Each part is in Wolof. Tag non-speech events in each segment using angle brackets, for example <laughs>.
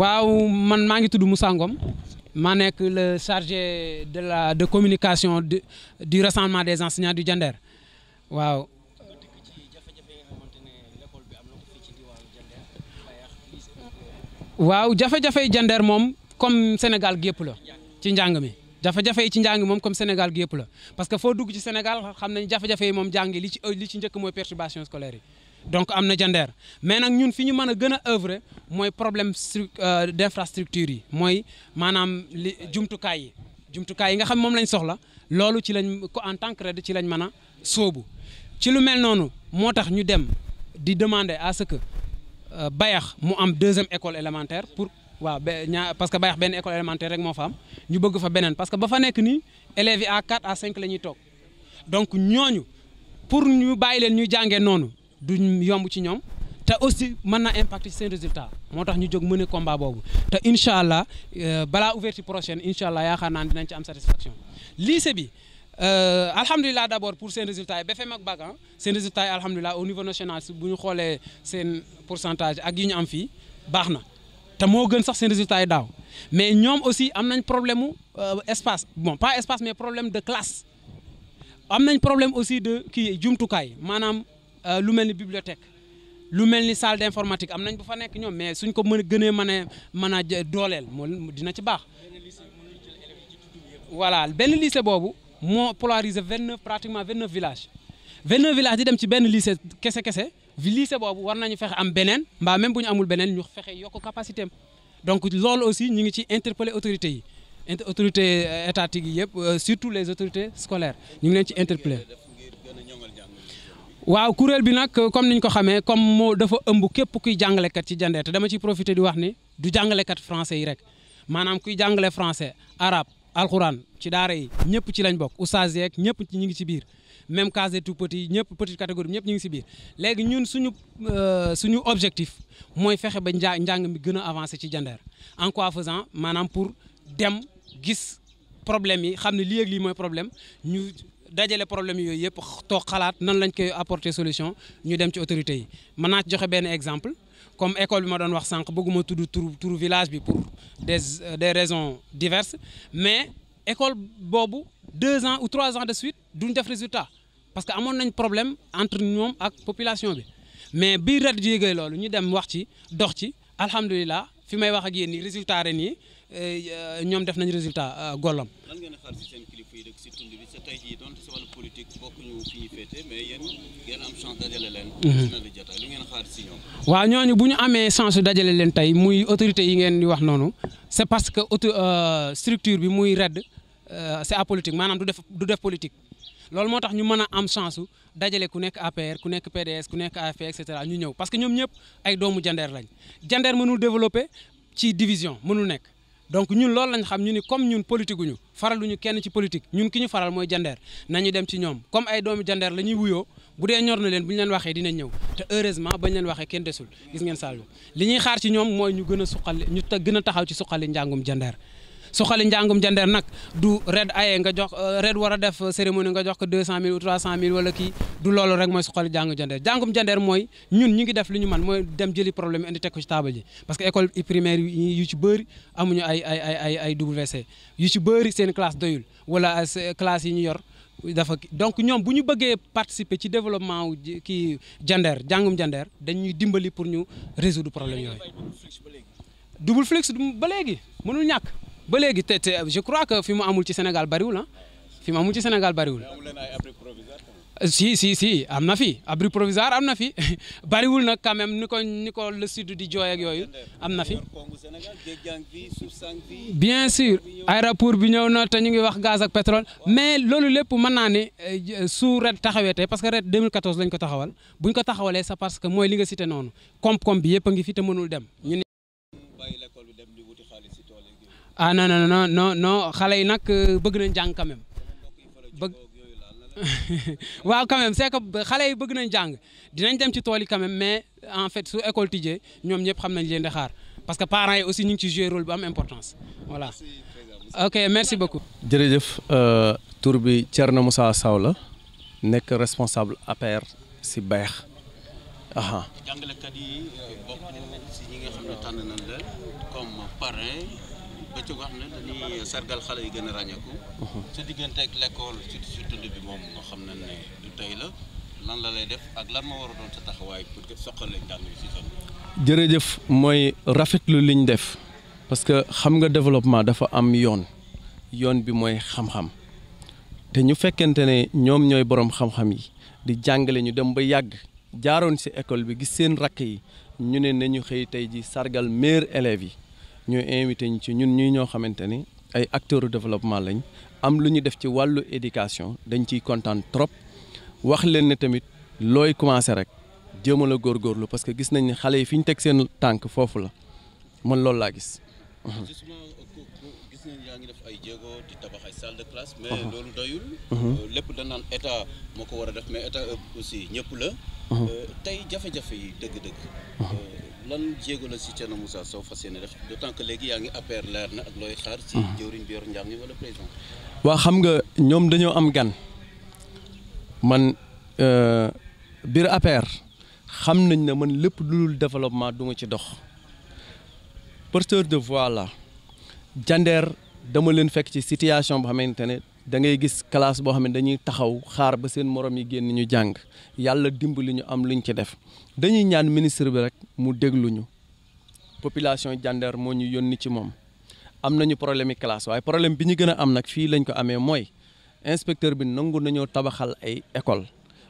waaw man maa ngi tudd Moussa maa nekk le chargé de la de communication du du des enseignants du Diender waaw. waaw jafe-jafey Diender moom comme Sénégal gépp la ci njàng mi jafe-jafe yi ci njàng mi moom comme Sénégal gépp la parce que foo dugg ci Sénégal xam nañ jafe-jafe yi moom jàng li ci li ci njëkk moy perturbation scolaire yi. donc am na Diender mais nag ñun fi ñu mën a gën a œuvrer mooy problème stru euh, d'infrastructure yi mooy maanaam li jumtukaay yi jumtukaay yi nga xam moom lañ soxla loolu ci lañ ko en tant que ci lañ mën a sóobu ci lu mel noonu moo tax ñu dem di demander à ce que euh, Bayax mu am deuxième école élémentaire pour waaw ñaa parce que Bayax benn école élémentaire rek moo fa am ñu bëgg fa beneen parce que ba fa nekk nii élèves yi à 4 à 5 la ñuy toog donc ñooñu pour ñu bàyyi leen ñuy jàngee noonu. du ñu yomb ci ñoom te aussi mën na impacter seen résultat moo tax ñu jóg mëne combat boobu te incha allah euh, balaa ouverture prochaine incha allah yaakaar naa dinañ ci am satisfaction lycée bi euh, alhamdulilah d' abord pour seen résultat yi BFEM ak BAC seen résultat yi alhamdulilah au niveau national si bu ñu xoolee seen pourcentage ak yi ñu am fii baax na te moo gën sax seen résultat yi daaw mais ñoom aussi am nañ problème mu euh, espace bon pas espace mais problème de classe am nañ problème aussi de kii jumtukaay maanaam. Euh, lu mel ni bibliothèque lu mel ni salle d'informatique am nañ bu fa nekk ñoom mais suñ ko mën a gënee mën a mën a dooleel moo dina ci baax voilà benn lycée boobu moo polarisé vingt neuf pratiquement vingt neuf village vingt neuf villages di dem ci benn lycée kese kese lycée boobu war nañu fexe am beneen mbaa même bu ñu amul beneen ñu fexe yokk capacité am donc loolu aussi ñu ngi ci interpeller autorités yi autorités euh, étatiques yi yëpp euh, surtout les autorités scolaires ñu ngi leen ci interpeller waaw kuréel bi nag comme niñ ko xamee comme moo dafa ëmb képp kuy jàngalekat ci Jandeer te dama ciy profité di wax ni du jàngalekat français yi rek maanaam kuy jàngale français arabe alxuraan ci daara yi ñëpp ci lañ bokk oustaz yeeg ñëpp ñu ngi ci biir même cas des tout petits ñëpp petite catégorie ñëpp ñu ngi biir léegi ñun suñu euh, suñu objectif mooy fexe ba njaa njàng mi gën a avancé ci Jandeer en quoi faisant maanaam pour dem gis problème yi xam ne li ak lii mooy problème ñu dajale problème yooyu yëpp toog xalaat nan lañ koy apporter solution ñu dem ci autorité yi mën naa ci joxe benn exemple comme école bi ma doon wax sànq bëgguma tudd tur tur village bi pour des euh, des raisons diverses mais école boobu deux ans ou trois ans de suite duñ def résultat parce que amoon nañ problème entre ñoom ak population bi mais bii rat yéegee loolu ñu dem wax ci dox ci alhamdulilah fi may wax ak yéen nii résultat ren yi euh, euh, ñoom def nañ résultat gollam politique bokkuñu fi ñu féete mhm. waaw ñooñu bu ñu amee chance dajale leen tey muy autorité yi ngeen di wax noonu c'est parce que auto euh, structure bi muy RED euh, c'est apolitique maanaam du def du def politique. loolu moo tax ñu mën a am chance dajale ku nekk APR ku nekk PDS ku nekk AFP et cetera ñëw parce que ñoom ñëpp ay doomu jandeer lañ jandeer mënul développer ci division mënul nekk. donc ñun loolu lañ xam ñu ni comme ñun politique uñu faraluñu kenn ci politique ñun ki ñu faral mooy jandeer nañu dem ci ñoom comme ay doomi jandeer la ñuy wuyoo bu dee ñor na leen bu ñu leen waxee dinañ ñëw te heureusement ba leen waxee kenn desul gis ngeen Saliou li ñuy xaar ci ñoom mooy ñu gën a suqali ñu gën a taxaw ci suqali njàngum jandeer suqali njàngum jandeer nag du red aye nga jox euh, red war a def cérémonie nga jox ko 200000 ou 300000 wala kii du loolu rek mooy suqali njàngum jandeer njàngum jandeer mooy ñun ñu ngi def li ñu man mooy dem jëli problème indi teg ko ci table ji parce que école primaire yu ci bëri amuñu ay ay ay ay ay yu ci bëri seen classe doyul wala euh, classe yi ñu yor dafa donc ñoom bu ñu bëggee participer ci développement wu kii jandeer jàngum jandeer dañuy dimbali pour ñu résoudre problème yooyu double léegi mënul ñàkk ba léegi te te je crois que fi mu amul ci Sénégal bariwul ah fi mu amul ci Sénégal bariwul. Euh, si si si am na fi abri provisoire am na fi <laughs> bariwul na quand même ni ko ni ko le sud di jooy ak yooyu am na fi bien sûr aéroport bi ñëw na te ñu ngi wax gaz a pétrole mais loolu lépp mën naa ne euh, su ret taxawee tey parce que ret lañ ko taxawal buñ ko taxawalee c'est parce que mooy li nga cité noonu koom-koom bi yëpp ngi fi te mënul dem ah non non non non non xale yi nag euh, bëgg nañ jàng quand même bëgg <laughs> waaw quand même c'est que xale yi bëgg nañ jàng dinañ dem ci tool yi quand même mais en fait su école tijjee ñoom ñëpp xam nañ leen di xaar parce que parents yi aussi ñu ngi ci jouer rôle bu am importance voilà ok merci beaucoup. jërëjëf euh, tur bi Thierno Moussa Sow la nekk responsable APR si Bayax. jàngalekat yi euh, bokk si ñi nga xam ne tànn nañ leen comme parrain. bëccëg na dañuy sargal yi gën a ràññeeku. Uh-huh. sa diggante ak xam na ne du la lan la lay def ak lan moo war jërëjëf mooy rafetlu liñ def parce que xam nga développement dafa am yoon yoon bi mooy xam-xam te ñu fekkente ne ñoom ñooy borom xam-xam yi di jàngale ñu dem ba yàgg jaaroon si école bi gis seen rakk yi ñu ne nañu xëy tey ji sargal meilleur élèves yi. ñu invité ñu ci ñun ñuy ñoo xamante ni ay acteurs développement lañ am lu ñu def ci wàllu éducation dañ ciy kontaan trop wax leen ne tamit looy commencé rek jéemal góor góorgóorlu parce que gis nañ ne xale yi fi ñu teg seen tànk foofu la man loolu laa gis. gis nañ ngi def ay jéego di tabax ay salle de classe. mais uh-huh. loolu doyul. Uh-huh. Euh, lépp da naan état moo ko war a def mais état aussi ñëpp la. Uh-huh. Euh, tey jafe-jafe yi dëgg-dëgg. Euh, lan jéego la si Thierno Moussa Sow fas yéene def d'autant que léegi yaa ngi APR leer na ak looy xaar. si jëwriñ bi yor njàng mi wala waa xam nga ñoom dañoo am gan man biir APR xam nañ ne man lépp lu dul développement du nga ci dox porteur de voix la. Jandeer dama leen fekk ci situation boo xamante ne da ngay gis classe boo xam ne dañuy taxaw xaar ba seen moroom yi génn ñu jàng yàlla dimbali ñu am luñ ci def dañuy ñaan ministre bi rek mu dégluñu population Jandeer moo ñu yónni ci moom am nañu problème yi classe waaye problème bi ñu gën a am nag fii lañ ko amee mooy inspecteur bi nangu nañoo tabaxal ay école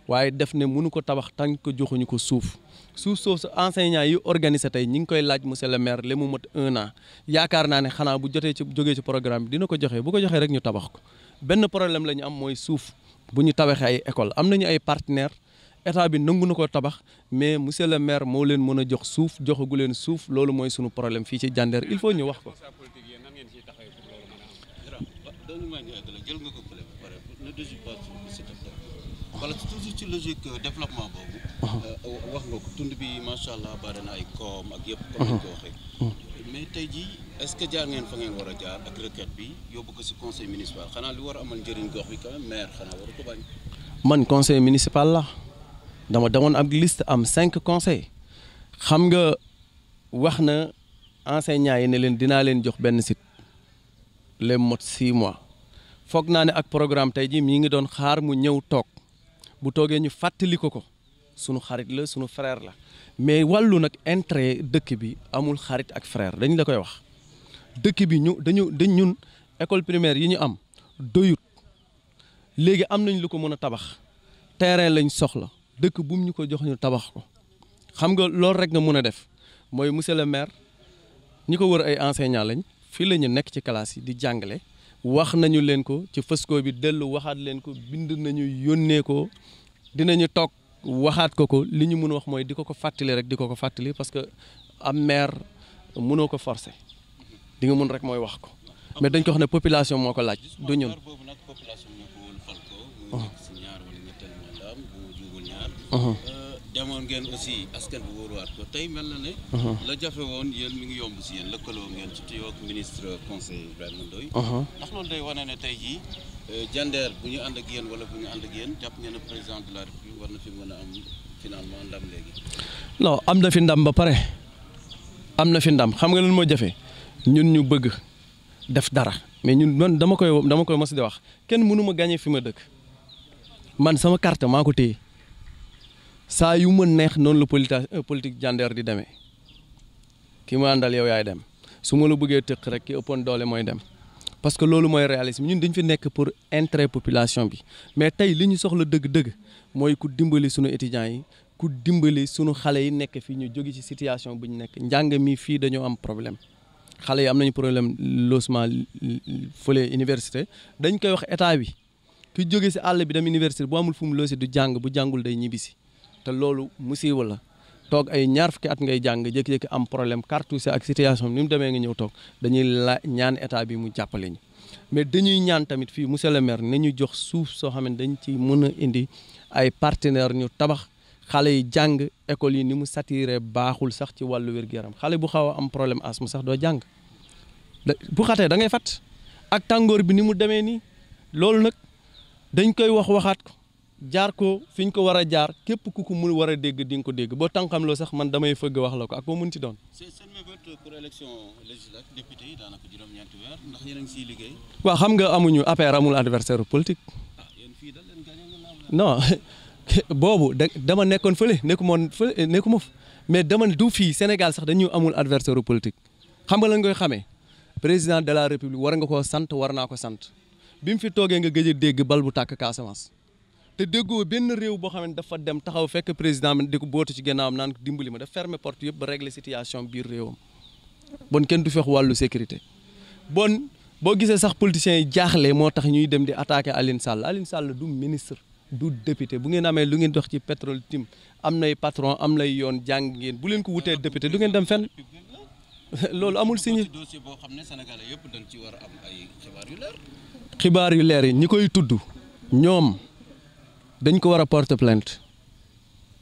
waaye def ne mënu ko tabax tànk joxuñu ko suuf suuf soosu enseignants yi organisé tey ñi ngi koy laaj monsieur le maire li mu mot un an yaakaar naa ne xanaa bu jotee ci jógee ci programme bi dina ko joxe bu ko joxee rek ñu tabax ko benn problème la ñu am mooy suuf bu ñu tabaxee ay école am nañu ay partenaires état bi nangu nu ko tabax mais monsieur le maire moo leen mën a jox suuf joxagu leen suuf loolu mooy sunu problème fii ci Diender il faut ñu wax ko. wala toujours ci logique euh, développement boobu. Euh, euh, wax nga ko tund bi macha allah bare na ay koom ak yëpp. comme ni mais tey jii est-ce que jaar ngeen fa ngeen war a jaar ak requête bi yóbbu ko si conseil municipal xanaa li war a amal njëriñ gox bi quand maire xanaa waru ko bañ. man conseil municipal la dama demoon ak liste am cinq conseils xam nga wax na enseignants yi ne leen dinaa leen jox benn site les mot six mois foog naa ne ak programme tey jii mi ngi doon xaar mu ñëw toog. bu toogee ñu fàttali ko ko sunu xarit la sunu frère la mais wallu nag intérêt dëkk bi amul xarit ak frère dañ la koy wax dëkk bi ñu dañu dañ ñun école primaire yi ñu am doyut léegi am nañ lu ko mën a tabax terrain lañ soxla dëkk bum ñu ko jox ñu tabax ko xam nga loolu rek nga mën a def mooy monsieur le maire ñi ko wër ay enseignants lañ fii la ñu nekk ci classe yi di jàngale. wax nañu leen ko ci fësko bi dellu waxaat leen ko bind nañu yónnee ko dinañu toog waxaat ko ko li ñu mën a wax mooy di ko ko fàttali rek di ko ko fàttali parce que am maire mënoo ko forcer di nga mën rek mooy wax ko mais dañ ko xam ne population moo ko laaj du ñun. population ñoo ko demoon ngeen aussi askan bi wóoruwaat ko tey mel na ne. Uh-huh. mi ngi yomb si yéen lëkkaloo ngeen ci tuyoo ak ministre conseil Ibrahima uh-huh. ne tey jii euh, jandeer bu ñu ànd ak yéen wala bu ñu ànd ak yéen jàpp ngeen ne président de la république fi mën a am ndam na fi ndam ba pare am na fi ndam xam nga lan ma jafe ñun ñu bëgg def dara mais ñun man dama koy dama koy mos di wax kenn mënu ma fi ma dëkk man sama carte maa ko téye. saa yu mën neex noonu la politi euh, politique Diender di demee ki ma àndal yow yaay dem su ma la bëggee tëq rek ki ëppoon doole mooy dem parce que loolu mooy réalisme ñun dañ fi nekk pour intérêt population bi mais tey li ñu soxla dëgg-dëgg mooy ku dimbali sunu étudiants yi ku dimbali sunu xale yi nekk fii ñu jóge ci situation bu ñu nekk njàng mi fii dañoo am problème xale yi am nañu problème logement fële université dañ koy wax état bi ku jóge ci àll bi dem université bu amul fu mu loosee du jàng bu jàngul day ñibbisi te loolu musiba la toog ay ñaar fukki at ngay jàng jékki-jékki am problème cartouche ak situation ni mu demee nga ñëw toog dañuy la ñaan état bi mu jàppale ñu mais dañuy ñaan tamit fii monsieur le maire ñu jox suuf soo xam ne dañ ci mën a indi ay partenaires ñu tabax xale yi jàng école yi ni mu saturé baaxul sax ci wàllu wér-gu-yaram xale bu xaw a am problème asthme sax doo jàng bu xatee da ngay fat ak tàngoor bi ni mu demee nii loolu nag dañ koy wax waxaat ko jaar ko fi ñu ko war a jaar képp ku ko mun war a dégg di nga ko dégg boo tànkam loo sax man damay fëgg wax la ko ak boo mun doon. seen mébét a ngi siy liggéey. waaw xam nga amuñu APR amul adversaire politique. Ah, non <laughs> boobu dama nekkoon fële nekkumoon fële nekkuma fa mais dama du fii Sénégal sax dañu amul adversaire politique xam nga lan koy xamee président de la république war nga ko sant war naa ko sant bi mu fi toogee nga gëj dégg bal bu tàkk Casamance. te déggoo benn réew boo xam ne dafa dem taxaw fekk président bi di ko bootu ci gannaawam naan ko dimbali ma daf fermer porte yëpp ba régler situation biir réewam bon kenn du fex wàllu sécurité bon boo gisee sax politiciens yi jaaxle moo tax ñuy dem di attaquer Aline Sall alin Sall du ministre du député bu ngeen amee lu ngeen dox ci pétrole tim am nay patron am nay yoon jàng ngeen bu leen ko wutee député du ngeen dem fenn <laughs> loolu amul signé dossier boo xam ne sénégalais yëpp dañ ci war a am ay xibaar yu leer y ñi koy tudd ñoom dañ ko war a porter plainte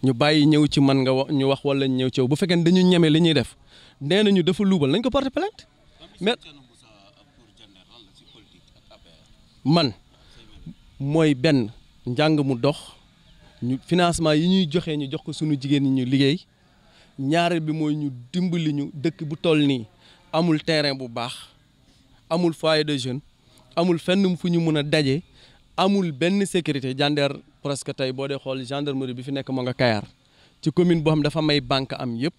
ñu bàyyi ñëw ci man nga ñu wax wala ñëw ci yow bu fekkee dañu ñeme li ñuy def nee nañu dafa luubal nañ ko porter plainte mais man mooy benn njàng mu dox ñu financement yi ñuy joxe ñu jox ko sunu jigéen ñu liggéey ñaareel bi mooy ñu dimbali ñu dëkk bu toll nii amul terrain bu baax amul foyer de jeunes amul fenn fu ñu mën a daje amul benn sécurité Diender presque tey boo dee xool gendarmerie bi fi nekk moo nga Kayar ci commune boo xam dafa may banque am yëpp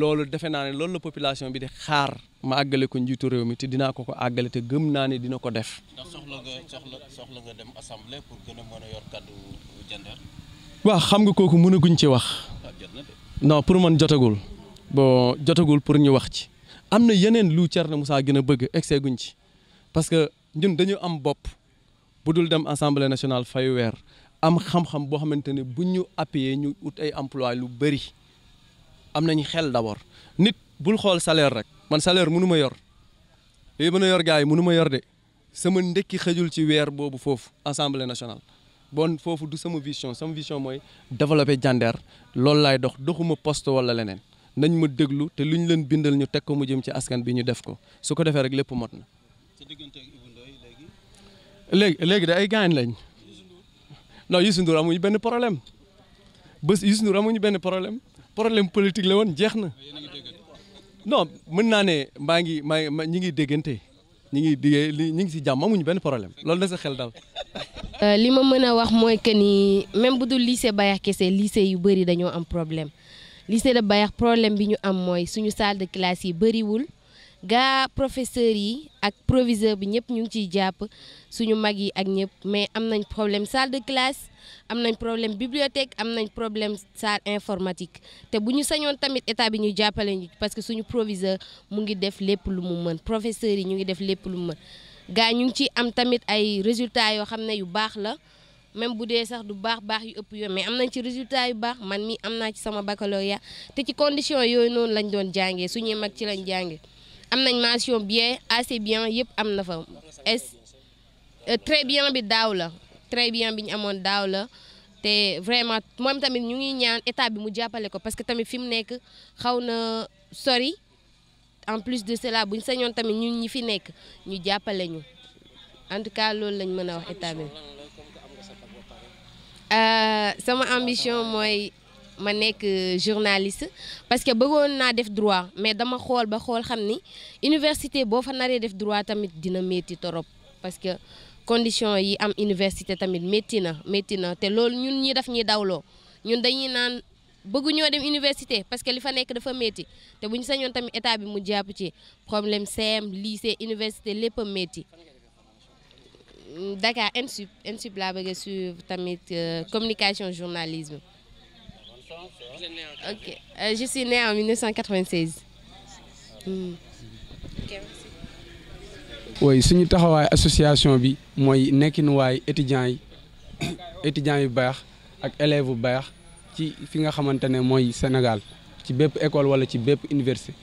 loolu defe naa ne loolu la population bi di xaar ma àggale ko njiitu réew mi te dina ko ko àggale te gëm naa ne dina ko def. ndax soxla nga soxla soxla nga dem a mën a yor kàddu Diender. xam nga kooku mënaguñ ci wax. Ah, non pour man jotagul. bon jotagul pour ñu wax ci. am na yeneen lu Thierno Moussa gën a bëgg excès guñ ci parce que ñun dañu am bopp bu dul dem assemblée nationale fayu weer am xam-xam boo xamante ne bu ñu appuyé ñu ut ay emploi lu bëri am nañu xel d'abord nit bul xool salaire rek man salaire mënu ma yor lii mën a yor gars yi mënu ma yor de sama ndekki xëjul ci weer boobu foofu assemblée national bon foofu du sama vision sama vision mooy développer Diender loolu laay dox doxuma poste wala leneen nañ ma déglu te lu ñu leen bindal ñu teg ko mu jëm ci askan bi ñu def ko su ko defee rek lépp mot na. léegi léegi da ay gaañ lañ. non Youssou Ndour amuñu benn problème bés Youssou Ndour amuñu benn problème problème politique la woon jeex na ah, non mën naa ne maa ngi maa ñu ngi déggante ñi ngi diggee li ñi ngi si jàmm amuñu benn problème loolu na sa xel daal. <laughs> Euh, li ma mën a wax mooy que ni même bu dul lycée Bayax kese lycée yu bëri dañoo am problème lycée de Bayax problème bi ñu am mooy suñu salle de classe yi bëriwul. gaa professeur yi ak proviseur bi ñëpp ñu ngi ciy jàpp suñu mag yi ak ñëpp mais am nañ problème salle de classe am nañ problème bibliothèque am nañ problème salle informatique te bu ñu sañoon tamit état bi ñu jàppalee ñu parce que suñu proviseur mu ngi def lépp lu mu mën professeur yi ñu ngi def lépp lu mu mën gaa ñu ngi ciy am tamit ay résultats yoo xam ne yu baax la même bu dee sax du baax baax yu ëpp yooyu mais am nañ ci résultat yu baax man mi am naa ci sama baccalauréat te ci condition yooyu noonu lañ doon jàngee suñuy mag ci lañ jàngee am nañ mention bien assez bien yëpp am na fa est euh, très bien bi daaw la très bien bi ñu amoon daaw la te vraiment moom tamit ñu ngi ñaan état bi mu jàppale ko parce que tamit fi mu nekk xaw na sori en plus de cela buñ sañoon tamit ñu ñi fi nekk ñu jàppale ñu en tout cas loolu lañ mën a wax état bi euh, sama ambition mooy ma nekk journaliste parce que bëggoon naa def droit mais dama xool ba xool xam ni université boo fa naree def droit tamit dina métti torop parce que condition yi am université tamit métti na métti na te loolu ñun ñi daf ñuy dawloo ñun dañuy naan bëggu ñoo dem université parce que li fa nekk dafa métti te bu ñu sañoon tamit état bi mu jàpp ci problème CM lycée université lépp a métti Dakar ENSUP ENSUP laa bëgg suivre tamit euh, communication journalisme Ok. Euh, je suis née en 1996. Hmm. Okay, suñu taxawaay association bi mooy nekkinuwaay waay étudiants yi <coughs> étudiants yu baax ak élèves bu baax ci fi nga xamante ne mooy Sénégal ci bépp école wala ci bépp université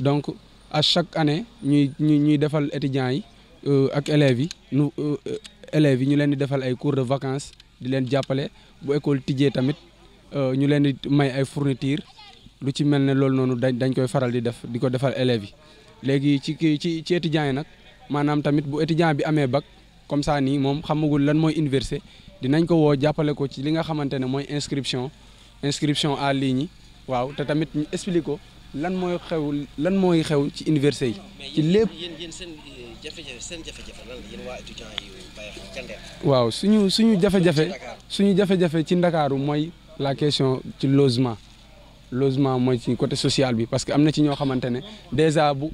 donc à chaque année ñuy ñuy ñuy defal étudiants yi euh, ak élèves yi nu euh, euh, élèves yi ñu leen di defal ay cours de vacances di leen jàppale bu école tijjee tamit. Euh, ñu leen di may ay fourniture lu ci mel ne loolu noonu dañ dañ koy faral di def di ko defal élèves yi léegi ci kii ci ci étudiants yi nag maanaam tamit bu étudiant bi amee bac comme ça nii moom xamagul lan mooy université dinañ ko woo jàppale ko ci li nga xamante ne mooy inscription inscription en ligne waaw te tamit ñu explique ko lan mooy xew lan mooy xew ci université yi. ci lépp waaw suñu suñu jafe-jafe suñu jafe-jafe ci ndakaaru mooy. la question ci logement logement mooy ci côté social bi parce que am na ci ñoo xamante ne déjà bu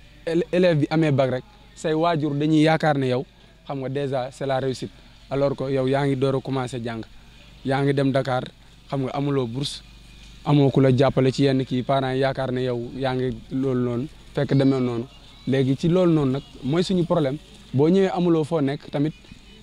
élève bi amee bag rek say waajur dañuy yaakaar ne yow xam nga déjà c'est la réussite alors que yow yaa ngi door a commencer jàng yaa ngi dem Dakar xam nga amuloo bourse amoo ku la jàppale ci yenn kii parent yaakaar ne yow yaa ngi loolu noonu fekk demee noonu léegi ci loolu noonu nag mooy suñu problème boo ñëwee amuloo foo nekk tamit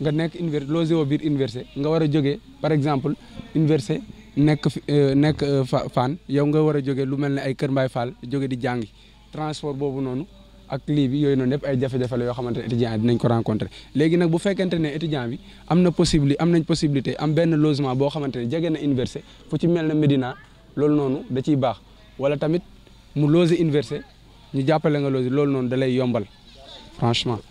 nga nekk université logé biir université nga war a jógee par exemple université nekk fi euh, nekk euh, fan yow nga war a jóge lu mel ne ay Kër mbaay Fall jóge di jàngi transport boobu noonu ak lii bi yooyu noonu yëpp ay jafe-jafe la yoo xamante ne étudiant yi dinañ ko rencontrer léegi nag bu fekkente ne étudiant bi am na possible am na possibilité am benn logement boo xamante ne jege na université fu ci mel na Médina loolu noonu da ciy baax wala tamit mu loger université ñu jàppale nga loger loolu noonu da lay yombal franchement